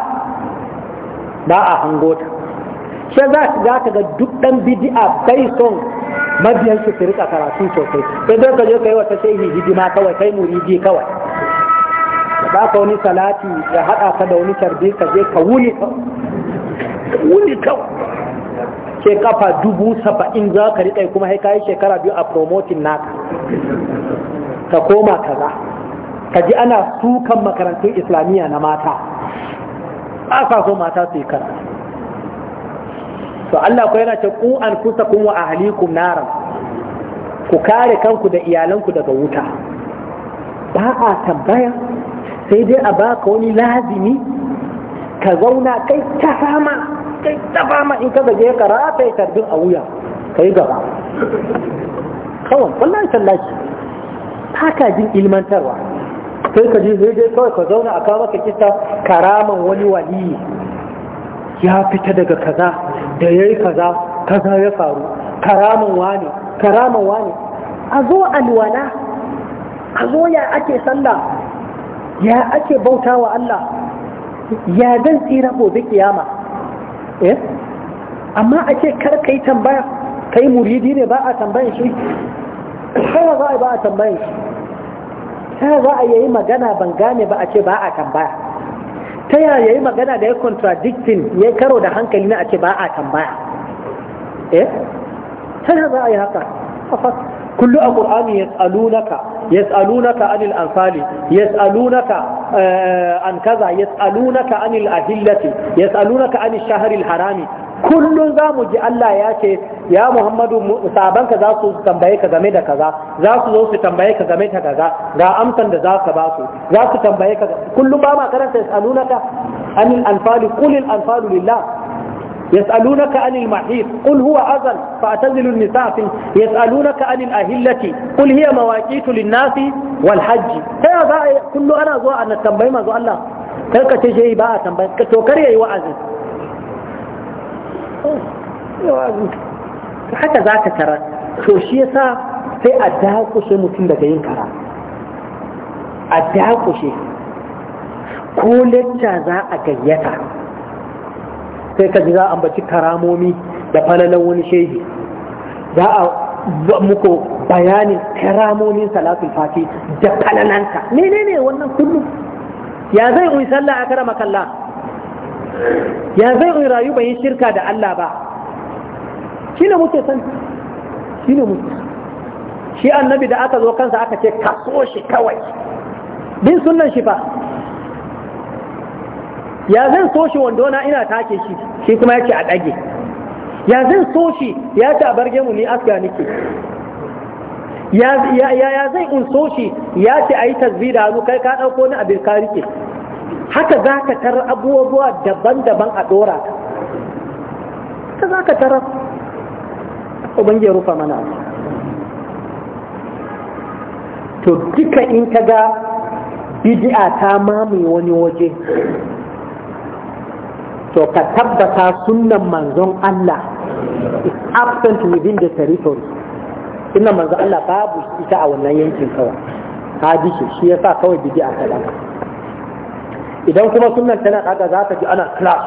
ba a hango ta sai za ka ga duk dan bid'a bai son mabiyan su su rika karatu sosai sai don ka je ka yi wata shehi hidima kawai kai muridi kawai ba ka wani salati ya haɗa ka da wani tarbi ka je ka wuni wuni kawai ke kafa dubu saba'in za ka riƙa kuma sai ka shekara biyu a promotin naka ka koma kaza ka ji ana sukan makarantun islamiyya na mata ba sa so mata su yi karatu to Allah ko yana ce ku an kusa kun wa ahlikum naran ku kare kanku da iyalanku daga wuta ba a tambaya sai dai a baka wani lazimi ka zauna kai ta fama kai ta fama in ka gaje ka rataye tarbin a wuya kai gaba kawai wallahi tallahi ba ka jin ilmantarwa sai ka ji sai dai kawai ka zauna a kawo ka kisa karaman wani waliyi ya fita daga kaza da ya yi kaza kaza ya faru karaman wane karaman wane a zo alwala a zo ya ake sallah ya ake bauta wa Allah ya zan tsira gobe kiyama eh amma a ce kar kai tambaya kai muridi ne ba a tambayin shi kai za a ba a tambayin shi kai za a yi magana ban gane ba a ce ba a tambaya ta yaya yi magana da ya contradicting ya karo da hankali na a ce ba a tambaya eh ta za a yi haka kullu a qur'ani yas'alunaka yas'alunaka anil anfali yas'alunaka an kaza yas'alunaka anil ahillati yas'alunaka anil shahril harami kullum za mu ji Allah ya ce ya Muhammadu sabanka za su tambaye ka game da kaza za su zo su tambaye ka game da kaza ga amsan da za ka ba su za su tambaye ka kullum ba ma karanta yasalunaka anil anfali qul al anfalu lillah يسألونك عن المحيط قل هو أذن فأتزل النساء يسألونك عن الأهلة قل هي مواقيت للناس والحج هذا كل أنا زوء أن التنبيه ما زوء الله كيف تجي بقى تنبيه كتوكري أي wa'azi. haka za ka tara to shi sa sai a dakushe mutum daga yin kara a dakushe ko lecca za a gayyata sai ka ji za a ambaci karamomi da falalan wani shehi za a muku bayanin karamomin salatul fati da falalanta ne ne ne wannan kullum ya zai yi sallah a karama makalla? ya zai in rayu ba yi shirka da Allah ba shi ne muke san shi ne muke shi annabi da aka zo kansa aka ce kaso shi kawai bin sunan shi fa ya zan so shi wando na ina take shi shi kuma yake a dage ya zan so shi ya ce a barge mu ni aska nake ya ya ya zan in so shi ya ce ayi tasbih da kai ka dauko ni abin ka rike haka za ka tara abubuwa daban-daban a ɗora ka haka za ka tarar ubangi ya rufa mana to duka in ka ga bidi'a ta mamaye wani waje to ka tabbata sunan manzon Allah is absent within the territory sunan manzon Allah babu ita a wannan yankin kawai hadisi shi yasa kawai bidi'a ta idan kuma sunan tana daga za ta ji ana clash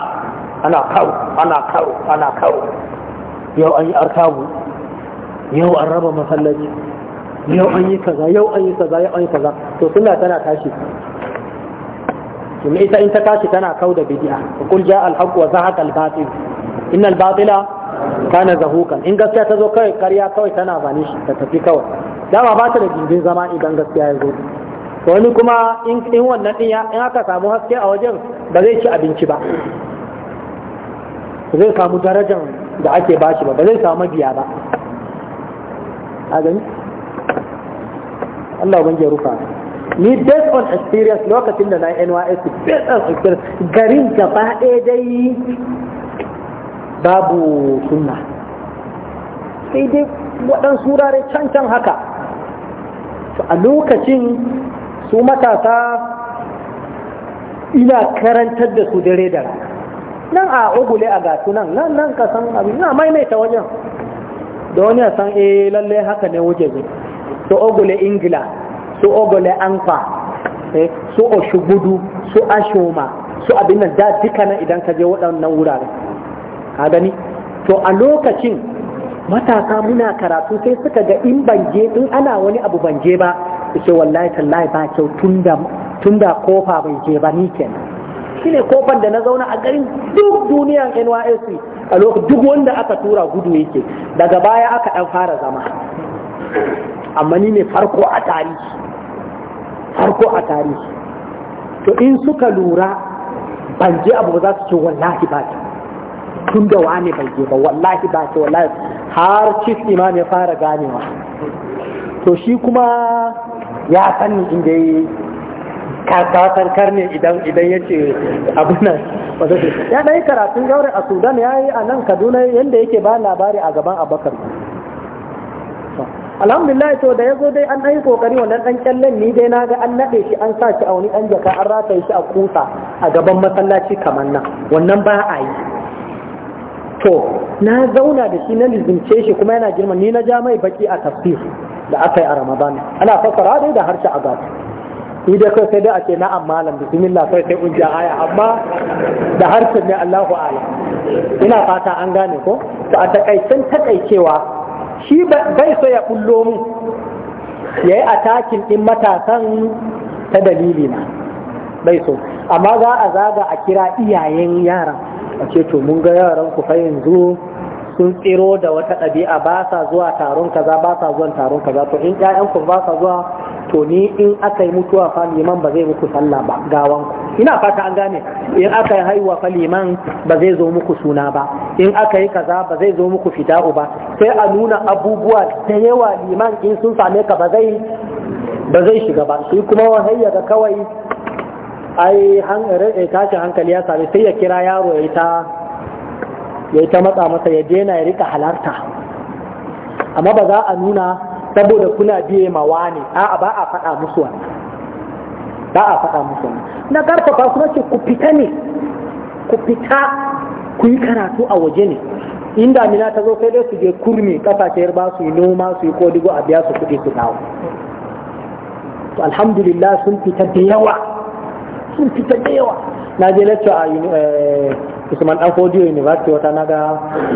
ana karo, ana karo, ana kawo yau an yi arkabu yau an raba masallaci yau an yi kaza yau an yi kaza yau an yi kaza to suna tana tashi kuma ita in ta tashi tana kau da bid'a kul ja al haqq wa zahaqa al batil inna al batila kana zahukan in gaskiya ta zo kai karya kawai tana bani shi ta tafi kawai dama ba ta da gindin zama idan gaskiya ya zo wani kuma in wannan din in aka samu haske a wajen ba zai ci abinci ba zai samu darajar da ake bashi ba ba zai samu mabiya ba a gani Allah ban ya rufa ni based on experience lokacin da na yi NYS based on experience garin gaba ɗaya dai babu sunna sai dai waɗansu wurare can can haka a lokacin su matasa ina karantar da su dare da nan a ogule a gatu nan nan nan ka san abin na maimaita wajen da wani ya san eh lalle haka ne waje zai su ogule ingila su ogule anfa eh, su oshugudu su ashoma su abin nan da duka nan idan ka je waɗannan wurare, ka gani to a lokacin matasa muna karatu sai suka ga in banje in ana wani abu banje ba ce wallahi tallahi ba kyau tunda kofa bai je ba ni kenan shine kofan da na zauna a garin duk duniyan NYSC a lokacin duk wanda aka tura gudu yake daga baya aka dan fara zama amma ni ne farko a tarihi farko a tarihi to in suka lura ban je abu za su ce wallahi ba ta tun da wane bai je ba wallahi ba ta wallahi har chief imam ya fara ganewa to shi kuma ya sani inda yi kasan karne idan idan ya ce nan. ya ɗaya karatun gaure a sudan ya yi a nan kaduna yadda yake ba labari a gaban abakar alhamdulillah to da ya zo dai an ɗan yi kokari wannan ɗan ƙyallen ni dai na ga an naɗe shi an sa shi a wani ɗan jaka an rataye shi a kusa a gaban masallaci kamar nan wannan ba a yi to na zauna da shi na lizince shi kuma yana girma ni na ja mai baki a tafsir da aka yi a ramadan ana fassara dai da harshe a gaba ni da kai sai dai ake na ammalan bismillah sai sai unja aya amma da harshe ne Allahu a'la, ina fata an gane ko to a takaicen takaicewa shi bai so ya bullo mu yayi takin din matasan ta dalili na bai amma za a zaga a kira iyayen yaran a ce to mun ga yaran ku fa yanzu sun tsiro da wata ɗabi'a ba sa zuwa taron kaza ba sa zuwa taron kaza to in ƴaƴan ku ba sa zuwa to ni in aka yi mutuwa fa liman ba zai muku sallah ba gawan ku ina fata an gane in aka yi haihuwa fa liman ba zai zo muku suna ba in aka yi kaza ba zai zo muku fida'u ba sai a nuna abubuwa da yawa liman in sun same ka ba zai ba zai shiga ba shi kuma wahayyar kawai ai tashin hankali ya sami sai ya kira yaro ya ta ya ta matsa masa ya daina ya rika halarta amma ba za a nuna saboda kuna biye ma wani a ba a faɗa musu wani ba a faɗa musu wani na karfafa su ce ku fita ne ku fita ku yi karatu a waje ne in damina ta zo sai dai su je kurmi kasashe ba su yi noma su yi kodigo a biya su kuɗi su dawo to alhamdulillah sun fita da yawa sun fita da yawa na je lecture a eh, Usman Dan Fodiyo University wata na ga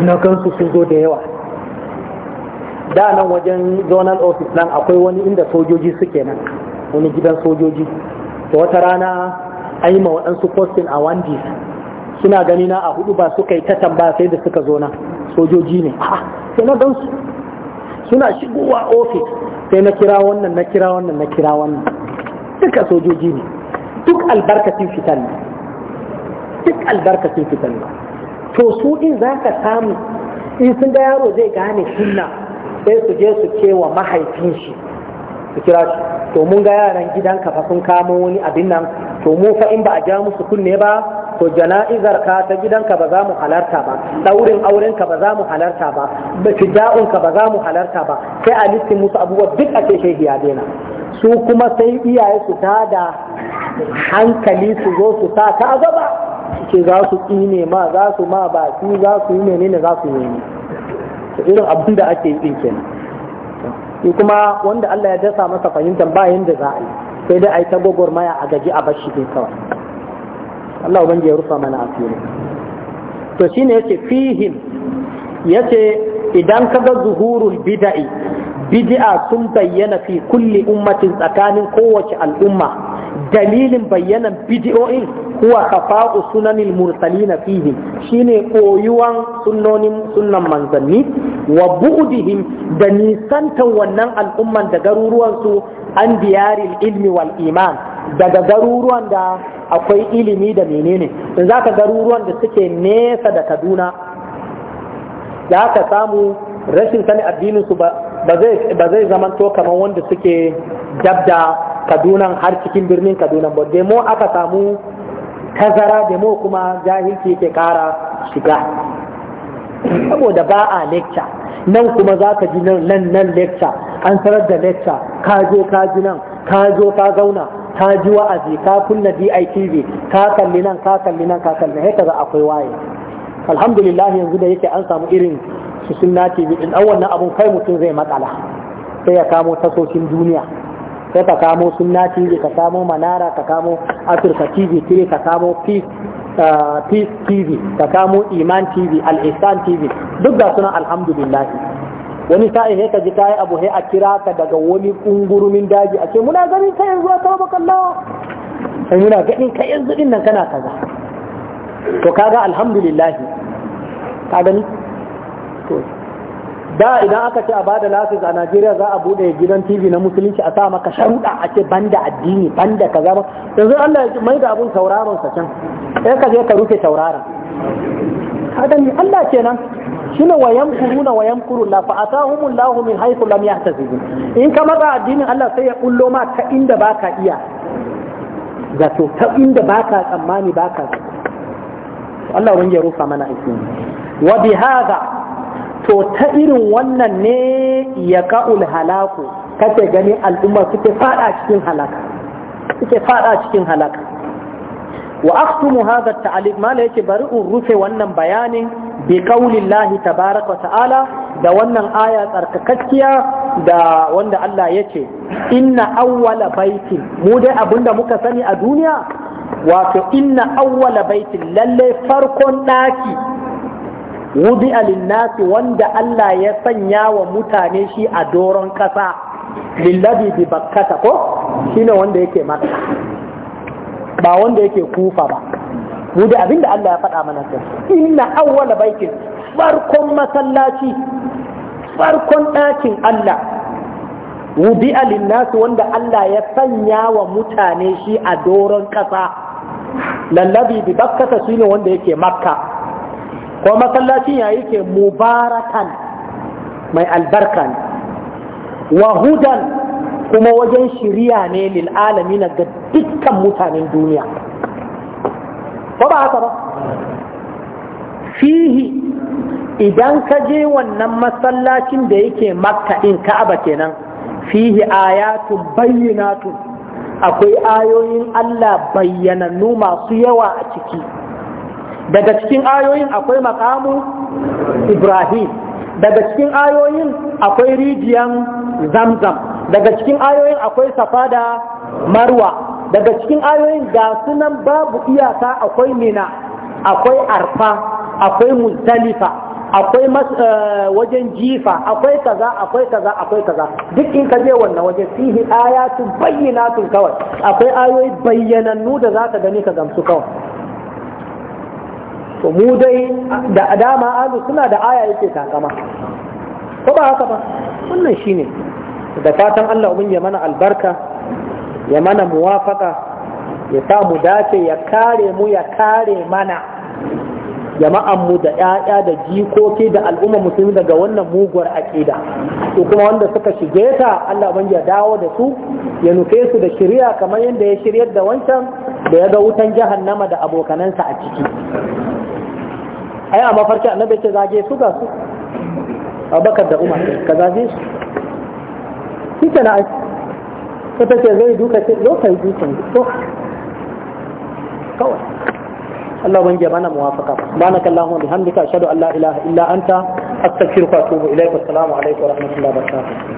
na kansu sun zo da yawa da nan wajen zonal office nan akwai wani inda sojoji suke nan wani gidan sojoji to wata rana an yi ma waɗansu posting a wandi suna gani na a hudu ba suka yi ta tambaya sai da suka zo nan sojoji ne a sai na gansu suna shigowa ofis sai na kira wannan na kira wannan na kira wannan duka sojoji ne duk albarkacin fitan duk albarkacin fitan to su in za ka samu in sun ga yaro zai gane sunna sai su je su wa mahaifin shi su kira shi to mun ga yaran gidan fa sun kamo wani abin nan to mu fa in ba a ja musu kunne ba to jana'izar ka ta gidanka ba za mu halarta ba daurin auren ka ba za mu halarta ba fida'un ka ba za mu halarta ba sai a listin musu abubuwa duk a ce shehi ya su kuma sai iyaye su ta da hankali su zo su sa ta gaba ce za su tsine ma za su ma su za su yi menene za su yi irin abin da ake yi kenan shi kuma wanda Allah ya dasa masa fahimtar bayan da za yi sai dai a yi ta gwagwarmaya a gaji a bashi ne kawai Allah ubangiji ya rufa mana asiri to shine yace fihim yace idan kaga zuhurul bid'i bid'a sun bayyana fi kulli ummatin tsakanin kowace al'umma dalilin bayyanan bidiyoyin huwa kafa'u sunanil mursalina fihim shine koyuwan sunnonin sunnan manzanni wa bu'dihim da nisantan wannan al'umman da garuruwan su an diyaril ilmi wal iman daga garuruwan da akwai ilimi da menene in za ka garuruwan da suke nesa da kaduna za ka samu rashin sani addinin su ba zai zaman zamanto kamar wanda suke dabda kaduna kadunan har cikin birnin kaduna ba demo aka samu tazara demo kuma jahilci ke kara shiga saboda ba a lecture nan kuma za ka ji nan nan lecture an sanar da lecture ka je ka ji nan ka zo ka zauna ka ji wa'azi ka kunna DITV ka kalli nan ka kalli nan ka kalli haka za akwai waye alhamdulillah yanzu da yake an samu irin su sunna TV din dan wannan abun kai mutum zai matsala sai ya kamo tasoshin duniya sai ka kamo sunna TV ka kamo manara ka kamo Afirka TV ka kamo Peace uh, TV ka kamo Iman TV Al-Ihsan TV duk da sunan alhamdulillah wani sa'in sai ka ji kai abu sai a kira ka daga wani kungurumin daji a ce muna ganin ka yanzu a baka Allah sai muna ganin ka yanzu din nan kana kaza to kaga alhamdulillah ka gani to da idan aka ce a bada lasis a Najeriya za a bude gidan TV na musulunci a sa maka sharuɗa a ce banda addini banda kaza ba yanzu Allah ya mai da abun tauraron sa can sai ka je ka rufe tauraron ka gani Allah kenan shine wa yamkuruna wa yamkuru la fa atahum Allah min haythu lam yahtazibu in ka matsa addinin Allah sai ya kullo ma ta inda baka iya zato ta inda baka tsammani baka Allah wani ya rufa mana aiki wa bi hada to ta irin wannan ne ya ka'ul halaku kace gani al'umma suke fada cikin halaka suke fada cikin halaka wa aktumu hadha ta'alif mala yake bari in rufe wannan bayanin bi qaulillahi tabaraka ta'ala da wannan aya tsarkakakkiya da wanda Allah yace inna awwala baitin mu dai abinda muka sani a duniya wato inna awwala baitin lalle farkon daki wudi alinnasi wanda Allah ya sanya wa mutane shi a doron kasa lillabi bi bakkata ko shine wanda yake maka ba wanda yake kufa ba mu da abinda Allah ya faɗa mana sai inna awwala baitin farkon masallaci farkon ɗakin Allah wudi'a linnasu wanda Allah ya sanya wa mutane shi a doron ƙasa lallabi bi bakkata shine wanda yake makka ko masallacin ya yake mubarakan mai albarkan wa hudan kuma wajen shirya ne lil alamin ga duk dukkan mutanen duniya ba ba haka ba fihi idan ka je wannan masallacin da yake makka in ka'aba kenan fihi ayatun bayyinatun akwai ayoyin Allah bayyanannu masu yawa a ciki daga cikin ayoyin akwai makamu Ibrahim daga cikin ayoyin akwai rijiyan zamzam daga cikin ayoyin akwai safa da marwa daga cikin ayoyin ga sunan babu iyaka akwai mina akwai arfa akwai muzdalifa akwai eh, wajen jifa akwai kaza akwai kaza akwai kaza duk in ka je wannan waje fihi ayatu bayyinatun kawai akwai ayoyi bayyanannu da zaka gani ka gamsu kawai to mu dai da dama alu suna da aya yake takama ko ba haka ba wannan shine da fatan Allah ubin ya mana albarka ya mana muwafaka ya sa mu dace ya kare mu ya kare mana jama'anmu da 'ya'ya da jikoki da al'umma musulmi daga wannan muguwar aƙida su kuma wanda suka shige ta Allah ban ya dawo da su ya nufe su da shirya kamar yadda ya shiryar da wancan da ya ga wutan jahannama da abokanansa a ciki ai a mafarki annabi ce zage su ga su abakar da umar ka zage su kike wata ce zai duka ce zo kai dukan to kawai Allah ban mana muwafaka subhanaka allahumma bihamdika ashhadu an la ilaha illa anta astaghfiruka wa atubu ilaik assalamu alaikum wa rahmatullahi wa barakatuh